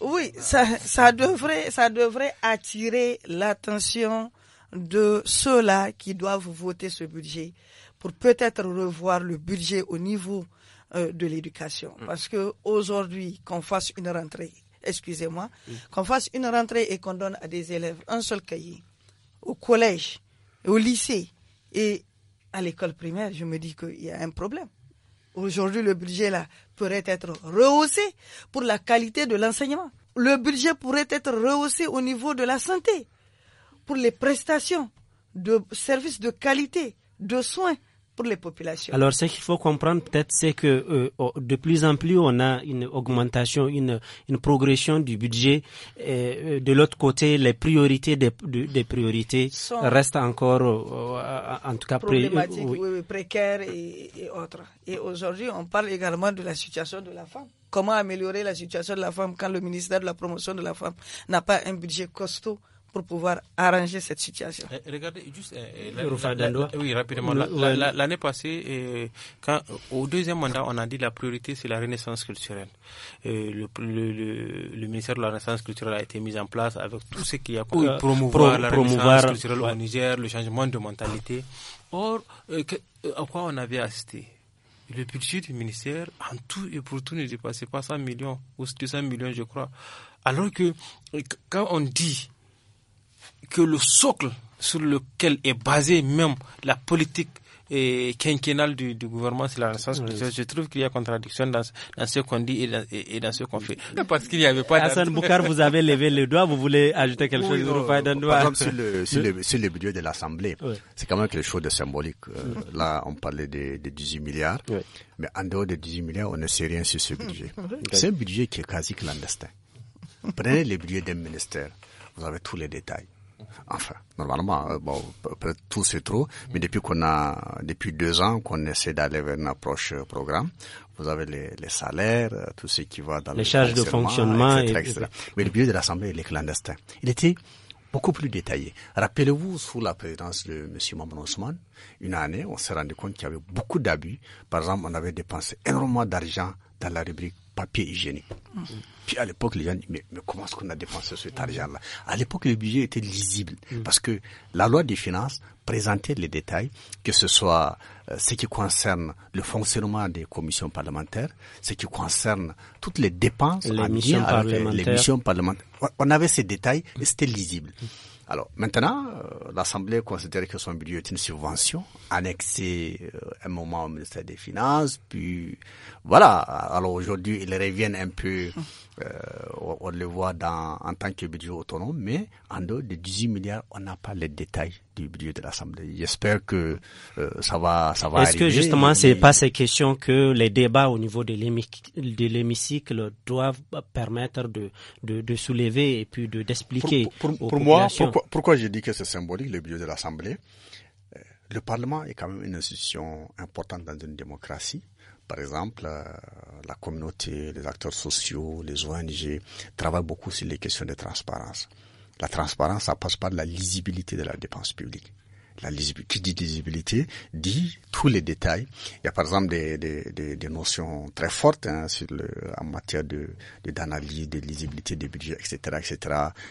oui, ça, ça, devrait, ça devrait attirer l'attention de ceux-là qui doivent voter ce budget pour peut-être revoir le budget au niveau euh, de l'éducation. Mm. Parce que aujourd'hui, qu'on fasse une rentrée, excusez-moi, mm. qu'on fasse une rentrée et qu'on donne à des élèves un seul cahier au collège, au lycée et à l'école primaire, je me dis qu'il y a un problème. Aujourd'hui, le budget là, pourrait être rehaussé pour la qualité de l'enseignement. Le budget pourrait être rehaussé au niveau de la santé, pour les prestations de services de qualité, de soins, les populations. Alors, ce qu'il faut comprendre peut-être, c'est que euh, oh, de plus en plus, on a une augmentation, une, une progression du budget. Et, euh, de l'autre côté, les priorités des, des priorités restent encore, euh, en tout cas, problématiques, précaires et, et autres. Et aujourd'hui, on parle également de la situation de la femme. Comment améliorer la situation de la femme quand le ministère de la promotion de la femme n'a pas un budget costaud? pour pouvoir arranger cette situation. Eh, regardez, juste eh, eh, oui, rapidement. L'année passée, au deuxième mandat, on a dit la priorité, c'est la renaissance culturelle. Le, ministère de la renaissance culturelle a été mis en place avec tout ce qui a pour euh, promouvoir la renaissance culturelle au Niger, le changement de mentalité. Or, à quoi on avait assisté le budget du ministère, en tout et pour tout, ne dépasse pas 100 millions ou 200 millions, je crois. Alors que quand on dit que le socle sur lequel est basée même la politique et eh, du, gouvernement, c'est la Renaissance Je trouve qu'il y a contradiction dans, ce qu'on dit et dans, ce qu'on fait. Parce qu'il n'y avait pas... Hassan Boukar, vous avez levé le doigt, vous voulez ajouter quelque chose C'est oh, oh, oh. Par sur le, budget de l'Assemblée, c'est quand même quelque chose de symbolique. Euh, là, on parlait de, de 18 milliards, mais en dehors de 18 milliards, on ne sait rien sur ce budget. C'est un budget qui est quasi clandestin. Prenez le budget d'un ministère, vous avez tous les détails. Enfin, normalement, euh, bon, tout c'est trop. mais depuis qu'on a, depuis deux ans qu'on essaie d'aller vers une approche euh, programme, vous avez les, salaires, euh, tout ce qui va dans les le charges de fonctionnement, etc., Mais le budget de l'Assemblée, il est clandestin. Il était beaucoup plus détaillé. Rappelez-vous, sous la présidence de M. Maman Ousmane, une année, on s'est rendu compte qu'il y avait beaucoup d'abus. Par exemple, on avait dépensé énormément d'argent dans la rubrique papier hygiénique. Puis à l'époque, les gens disaient, mais, comment est-ce qu'on a dépensé cet argent-là À l'époque, le budget était lisible, mm. parce que la loi des finances présentait les détails, que ce soit euh, ce qui concerne le fonctionnement des commissions parlementaires, ce qui concerne toutes les dépenses, les missions parlementaires. Les parlementaires. On avait ces détails et c'était lisible. Mm. Alors maintenant, euh, l'Assemblée considère que son budget est une subvention annexée euh, un moment au ministère des Finances, puis voilà. Alors aujourd'hui, ils reviennent un peu, euh, on, le voit dans, en tant que budget autonome, mais en dehors de 18 milliards, on n'a pas les détails du budget de l'Assemblée. J'espère que euh, ça va, ça va. Est-ce que justement, ce c'est pas ces questions que les débats au niveau de l'hémicycle doivent permettre de, de, soulever et puis de d'expliquer. Pour, moi, pourquoi, j'ai dit que c'est symbolique le budget de l'Assemblée euh, Le Parlement est quand même une institution importante dans une démocratie par exemple, euh, la communauté, les acteurs sociaux, les ONG travaillent beaucoup sur les questions de transparence. La transparence, ça passe par la lisibilité de la dépense publique. La lisibilité, qui dit lisibilité, dit tous les détails. Il y a par exemple des, notions très fortes hein, sur le, en matière de d'analyse, de, lisibilité des budgets, etc., etc.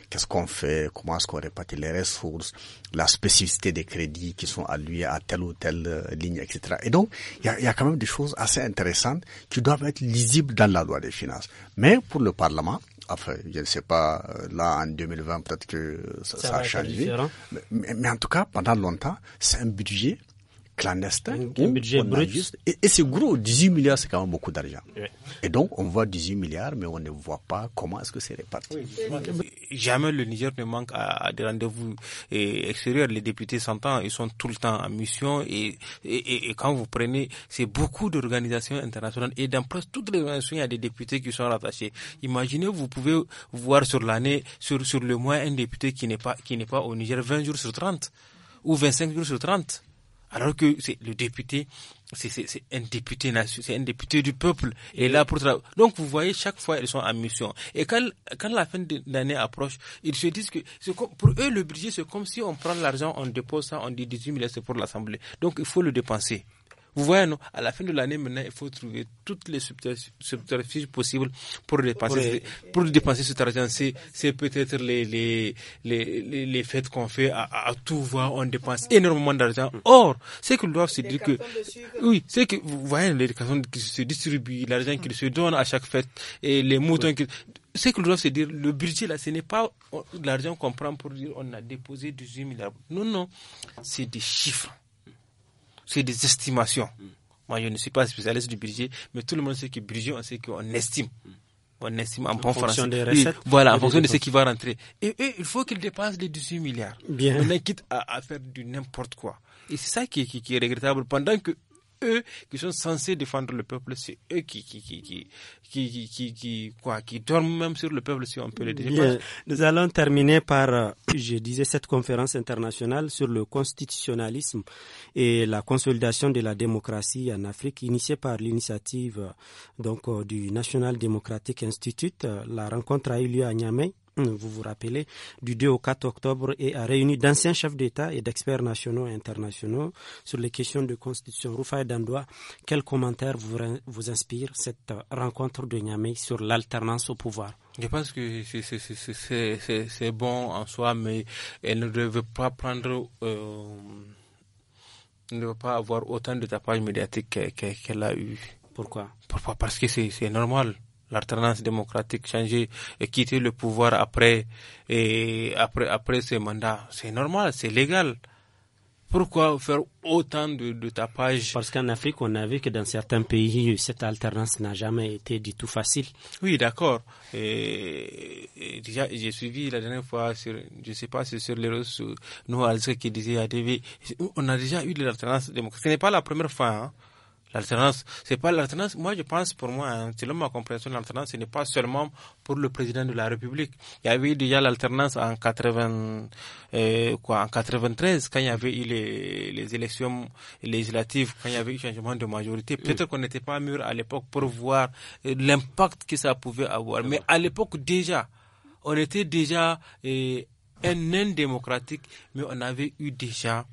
Qu'est-ce qu'on fait, comment est-ce qu'on répartit les ressources, la spécificité des crédits qui sont alloués à telle ou telle euh, ligne, etc. Et donc, il y il y a quand même des choses assez intéressantes qui doivent être lisibles dans la loi des finances. Mais pour le Parlement, Enfin, je ne sais pas, euh, là en 2020, peut-être que ça, a changé. mais en tout cas, pendant longtemps, c'est un budget clandestin. Un budget et, c'est gros, 18 milliards, c'est quand même beaucoup d'argent. Et donc, on voit 18 milliards, mais on ne voit pas comment est-ce que c'est réparti. Jamais le Niger ne manque à, des rendez-vous eh, extérieurs. Les députés s'entendent, ils sont tout le temps en mission. Et, quand vous prenez, c'est beaucoup d'organisations internationales. Et dans presque toutes les organisations, il y a des députés qui sont rattachés. Imaginez, vous pouvez voir sur l'année, sur, sur le mois, un député qui n'est pas, qui n'est pas au Niger 20 jours sur 30 ou 25 jours sur 30. Alors que c'est le député, c'est un député c'est un député du peuple. Et là pour Donc vous voyez, chaque fois ils sont en mission. Et quand, quand la fin de l'année approche, ils se disent que comme, pour eux le budget c'est comme si on prend l'argent, on dépose ça, on dit 18 000 c'est pour l'Assemblée. Donc il faut le dépenser. Vous voyez, à la fin de l'année, maintenant, il faut trouver toutes les subterfuges possibles pour dépenser, pour dépenser cet argent. C'est peut-être les, les, les, les, fêtes qu'on fait à, tout voir, on dépense énormément d'argent. Or, ce qu'ils doivent se dire que, oui, c'est que, vous voyez, l'éducation qui se distribue, l'argent qu'ils se donnent à chaque fête et les moutons qui ce qu'ils doivent se dire, le budget là, ce n'est pas l'argent qu'on prend pour dire on a déposé 18 milliards. Non, non, c'est des chiffres c'est des estimations. Moi, je ne suis pas spécialiste du budget, mais tout le monde sait que budget, on sait qu'on estime. On estime en, fonction Des recettes, voilà, en fonction de ce qui va rentrer. Et eux, il faut qu'ils dépasse les 18 milliards. Bien. On est quitte à, faire du n'importe quoi. Et c'est ça qui, qui, est regrettable. Pendant que eux qui sont censés défendre le peuple, c'est eux qui, qui, qui, qui, qui, qui, quoi, qui dorment même sur le peuple, si on peut le dire. Nous allons terminer par, euh, je disais, cette conférence internationale sur le constitutionnalisme et la consolidation de la démocratie en Afrique, initiée par l'initiative euh, donc euh, du National Democratic Institute. La rencontre a eu lieu à Niamey vous vous rappelez, du 2 au 4 octobre et a réuni d'anciens chefs d'État et d'experts nationaux et internationaux sur les questions de constitution. Rufaï Dandoua, quel commentaire vous, vous inspire cette euh, rencontre de Niamey sur l'alternance au pouvoir je pense que c'est bon en soi, mais elle ne devait pas prendre, euh, ne devait pas avoir autant de tapage médiatique qu'elle a eu. Pourquoi Pourquoi Parce que c'est normal l'alternance démocratique, changer et quitter le pouvoir après, et après, après ce mandat. C'est normal, c'est légal. Pourquoi faire autant de, tapage Parce qu'en Afrique, on a vu que dans certains pays, cette alternance n'a jamais été du tout facile. Oui, d'accord. Et, déjà, j'ai suivi la dernière fois, sur, je sais pas si sur les réseaux, nous, qui disait à TV, on a déjà eu de l'alternance démocratique. Ce n'est pas la première fois. Hein. L'alternance, c'est pas l'alternance. Moi, je pense, pour moi, hein, selon ma compréhension, l'alternance, ce n'est pas seulement pour le président de la République. Il y avait déjà l'alternance en 80, euh, quoi, en 93, quand il y avait eu les, les, élections législatives, quand il y avait eu changement de majorité. Peut-être qu'on n'était pas mûr à l'époque pour voir euh, l'impact que ça pouvait avoir. Mais à l'époque, déjà, on était déjà euh, un nain démocratique, mais on avait eu déjà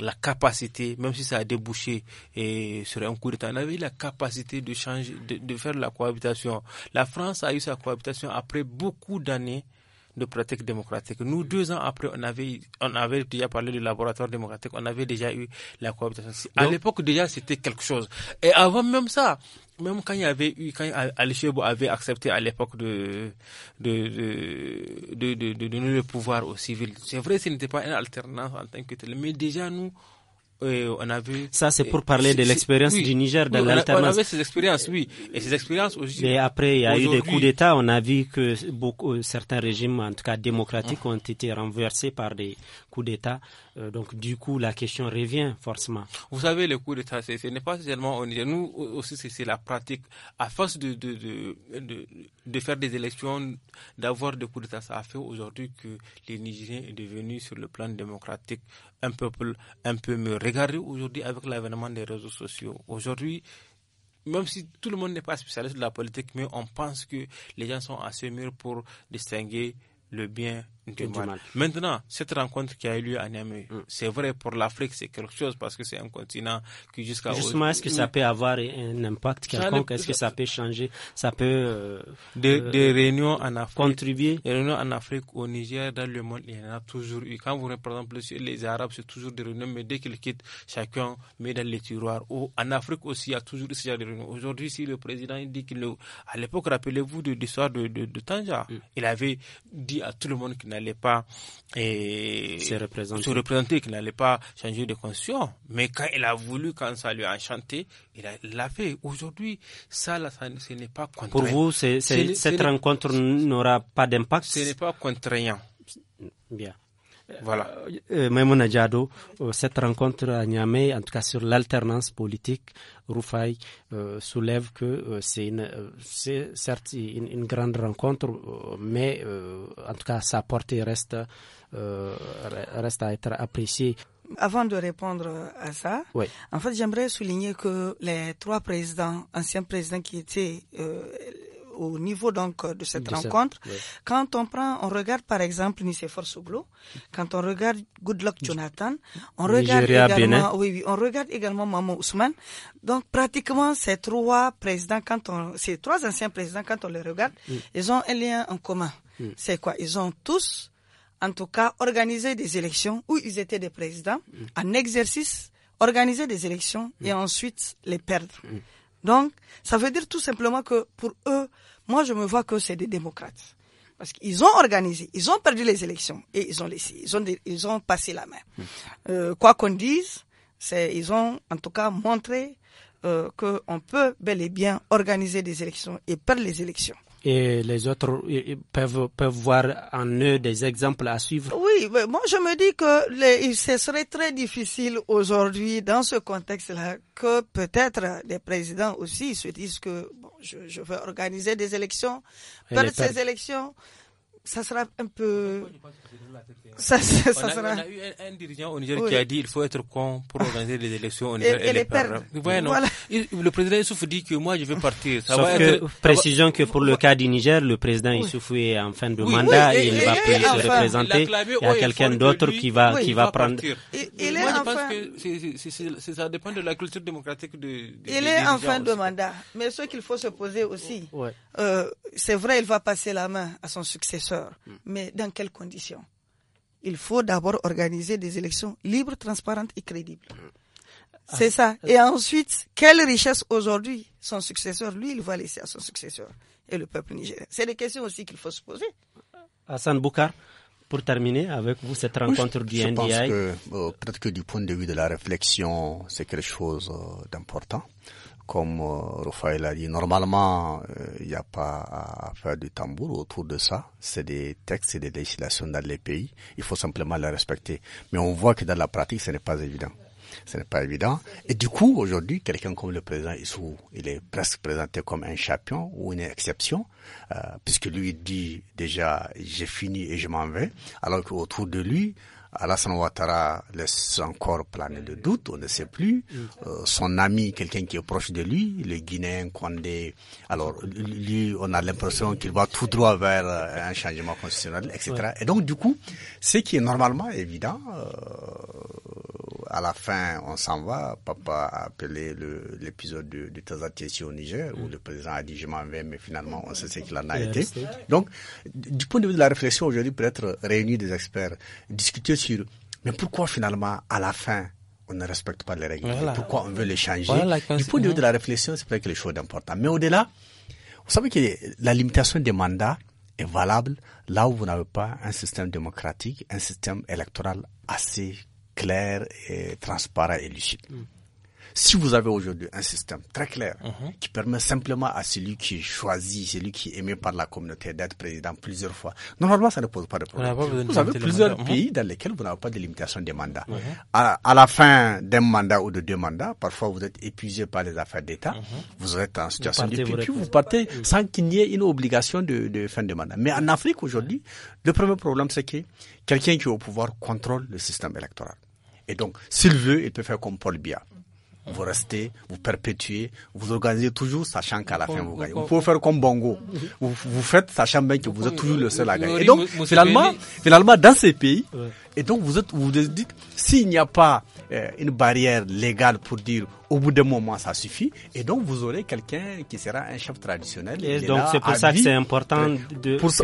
la capacité, même si ça a débouché et sur un coup de temps, on avait la capacité de changer, de, de faire la cohabitation. La France a eu sa cohabitation après beaucoup d'années de pratique démocratique. Nous, deux ans après, on avait, on avait déjà parlé du laboratoire démocratique, on avait déjà eu la cohabitation. À l'époque, déjà, c'était quelque chose. Et avant même ça, même quand il y avait eu, quand al Shabaab avait accepté à l'époque de de, de, de, donner le pouvoir aux civils, c'est vrai, ce n'était pas une alternance en tant que tel, mais déjà nous, on euh, on avait. Ça, c'est pour euh, parler de l'expérience du Niger dans l'alternance. On avait ces expériences, oui. Et ces expériences aussi. Mais après, il y a eu des coups d'État. On a vu que beaucoup, euh, certains régimes, en tout cas démocratiques, hein. ont été renversés par des coups d'État. Euh, donc du coup, la question revient forcément. Vous savez, le coup d'État, ce n'est pas seulement au Niger. Nous aussi, c'est la pratique. À force de, de, de, de, faire des élections, d'avoir des coups d'État, ça a fait aujourd'hui que les Nigériens est devenus, sur le plan démocratique un peuple un peu mieux. Regardez aujourd'hui avec l'avènement des réseaux sociaux. Aujourd'hui, même si tout le monde n'est pas spécialiste de la politique, mais on pense que les gens sont assez mûrs pour distinguer le bien Maintenant, cette rencontre qui a eu lieu à Niamey, mm. c'est vrai pour l'Afrique, c'est quelque chose parce que c'est un continent qui jusqu'à justement est-ce que ça peut avoir un impact quelconque Est-ce que ça peut changer Ça peut euh, des, euh, réunions en Afrique contribuer Des réunions en Afrique, au Niger, dans le monde, il y en a toujours eu. Quand vous par exemple les Arabes, c'est toujours des réunions, mais dès qu'ils quittent, chacun met dans les tiroirs. Ou, en Afrique aussi, il y a toujours ce genre de réunions. Aujourd'hui, si le président dit qu'il à l'époque, rappelez-vous de l'histoire de, de, Tanja, mm. il avait dit à tout le monde qu'il n'allait pas se représenter, qu'il n'allait pas changer de conscience. Mais quand il a voulu, quand ça lui a enchanté, il l'a fait. Aujourd'hui, ça, ce n'est pas contraignant. Pour vous, cette rencontre n'aura pas d'impact Ce n'est pas contraignant. Bien. Voilà. Euh, euh Maïmouna euh, cette rencontre à Niamey, en tout cas sur l'alternance politique, Roufaï euh, soulève que c'est une, c'est certes une, grande rencontre, mais en tout cas sa portée reste, reste à être appréciée. Avant de répondre à ça, en fait, j'aimerais souligner que les trois présidents, anciens présidents qui étaient au niveau donc euh, de cette rencontre. Quand on prend, on regarde par exemple Force Oglo, quand on regarde Good Luck Jonathan, on regarde également, oui, oui, on regarde également Maman Ousmane. Donc pratiquement ces trois présidents, quand on, ces trois anciens présidents, quand on les regarde, ils ont un lien en commun. C'est quoi Ils ont tous, en tout cas, organisé des élections où ils étaient des présidents en exercice, organisé des élections et ensuite les perdre. Donc, ça veut dire tout simplement que pour eux, moi je me vois que c'est des démocrates. Parce qu'ils ont organisé, ils ont perdu les élections et ils ont laissé, ils ont, ils ont passé la main. Hmm. Euh, quoi qu'on dise, c'est, ils ont en tout cas montré euh, qu'on peut bel et bien organiser des élections et perdre les élections et les autres euh, euh, peuvent, peuvent voir en eux des exemples à suivre. Oui, mais moi je me dis que les, ce serait très difficile aujourd'hui dans ce contexte-là que peut-être les présidents aussi se disent que bon, je, je veux organiser des élections, perdre ces élections ça sera un peu. Ça, ça, on, a, a, eu un, dirigeant au Niger qui a dit il faut être con pour organiser les élections au Niger et, les perdre. le président Issouf dit que moi je vais partir. Sauf que, précision précisons que pour le cas du Niger, le président oui. est en fin de mandat, et, il va plus se représenter. Il, y a oh, quelqu'un d'autre qui va, qui va, prendre. moi je pense que ça dépend de la culture démocratique de. de il est en fin de mandat, mais ce qu'il faut se poser aussi, euh, c'est vrai, il va passer la main à son successeur. Mm. mais dans quelles conditions Il faut d'abord organiser des élections libres, transparentes et crédibles. Mm. C'est ah. ça. Et ensuite, quelle richesse aujourd'hui son successeur, lui, il va laisser à son successeur et le peuple nigérien. C'est des questions aussi qu'il faut se poser. Hassan Boukar, pour terminer avec vous cette rencontre du NDI. Je pense que euh, peut-être que du point de vue de la réflexion, c'est quelque chose euh, d'important comme euh, Raphaël a dit. Normalement, euh, il n'y a pas à faire du tambour autour de ça. C'est des textes c'est des législations dans les pays. Il faut simplement les respecter. Mais on voit que dans la pratique, ce n'est pas évident ce n'est pas évident. Et du coup, aujourd'hui, quelqu'un comme le président Issou, il est presque présenté comme un champion ou une exception, euh, puisque lui dit déjà j'ai fini et je m'en vais, alors qu'autour de lui, Alassane Ouattara laisse encore planer de doute, on ne sait plus. Euh, son ami, quelqu'un qui est proche de lui, le Guinéen Condé, alors lui, on a l'impression qu'il va tout droit vers euh, un changement constitutionnel, etc. Et donc, du coup, ce qui est normalement évident, euh, à la fin, on s'en va. Papa a appelé l'épisode de, de au Niger, où mm. le président a dit je m'en vais, mais finalement, on sait ce qu'il en a été. Donc, du point de vue de la réflexion, aujourd'hui, peut-être réunir des experts, discuter sur, mais pourquoi finalement, à la fin, on ne respecte pas les règles Pourquoi on veut les changer Du point de vue de mm. la réflexion, c'est peut-être quelque chose d'important. Mais au-delà, vous savez que la limitation des mandats est valable là où vous n'avez pas un système démocratique, un système électoral assez clair, et transparent et lucide. Si vous avez aujourd'hui un système très clair mhm. qui permet simplement à celui qui choisit, celui qui est aimé par la communauté d'être président plusieurs fois, normalement ça ne pose pas de problème. vous avez plusieurs pays mhm. dans lesquels vous n'avez pas de limitation des mandats. Mhm. À, la fin d'un mandat ou de deux mandats, parfois vous êtes épuisé par les affaires d'État, vous êtes en situation de vous partez sans qu'il n'y ait une obligation de, de, fin de mandat. Mais en Afrique aujourd'hui, le premier problème c'est que quelqu'un qui est au pouvoir contrôle le système électoral. Et donc, s'il veut, il peut faire comme Paul Bia. Vous restez, vous perpétuez, vous organisez toujours, sachant qu'à la fin vous gagnez. Vous pouvez faire comme Bongo. Vous, vous faites, sachant bien que vous êtes toujours le seul à gagner. Et donc, finalement, finalement, dans ces pays, et donc vous êtes, vous vous dites, s'il n'y a pas euh, une barrière légale pour dire au bout d'un moment ça suffit et donc vous aurez quelqu'un qui sera un chef traditionnel. Et donc c'est pour ça que c'est important euh, de, pour, que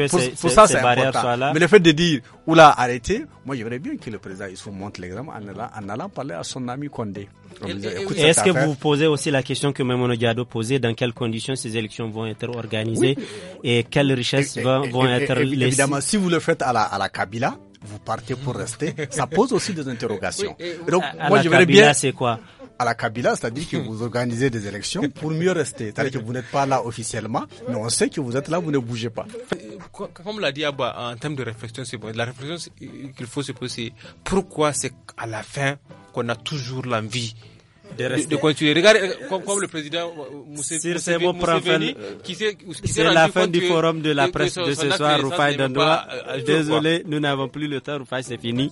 ces barrières soient là. Mais le fait de dire oula arrêtez, moi j'aimerais bien que le président il se montre l'exemple en allant, en allant parler à son ami Condé. Est-ce que vous posez aussi la question que Memono Diado posait, dans quelles conditions ces élections vont être organisées et quelles richesses vont, être laissées Évidemment, si vous le faites à la, à la Kabila, vous partez pour rester Ça pose aussi des interrogations. donc, à, moi, à je bien. c'est quoi à la Kabila, c'est-à-dire que vous organisez des élections pour mieux rester. C'est-à-dire que vous n'êtes pas là officiellement, mais on sait que vous êtes là, vous ne bougez pas. Comme l'a dit Abba, en termes de réflexion, c'est bon. La réflexion qu'il faut se poser, pourquoi c'est à la fin qu'on a toujours l'envie de, de, continuer. Regardez, euh, comme, le président euh, Moussé, C'est la fin du forum de la presse de, ce soir, Rufai Dandoa euh, Désolé, nous n'avons plus le temps, Rufai, c'est fini.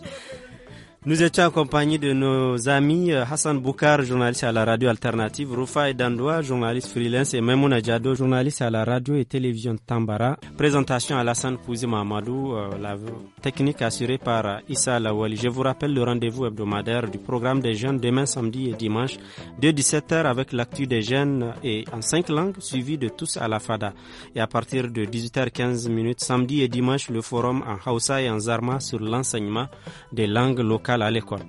Nous étions accompagnés de nos amis euh, Hassan Boukar, journaliste à la radio alternative, Rufai Dandoua, journaliste freelance et Memouna Diado, journaliste à la radio et télévision Tambara. Présentation à Lassane Pouzi Mamadou, euh, la technique assurée par Issa Lawali. Je vous rappelle le rendez-vous hebdomadaire du programme des jeunes demain samedi et dimanche de 17h avec l'actu des jeunes et en cinq langues suivi de tous à la FADA. Et à partir de 18h15 minutes samedi et dimanche le forum en Hausa et en Zarma sur l'enseignement des langues locales Alex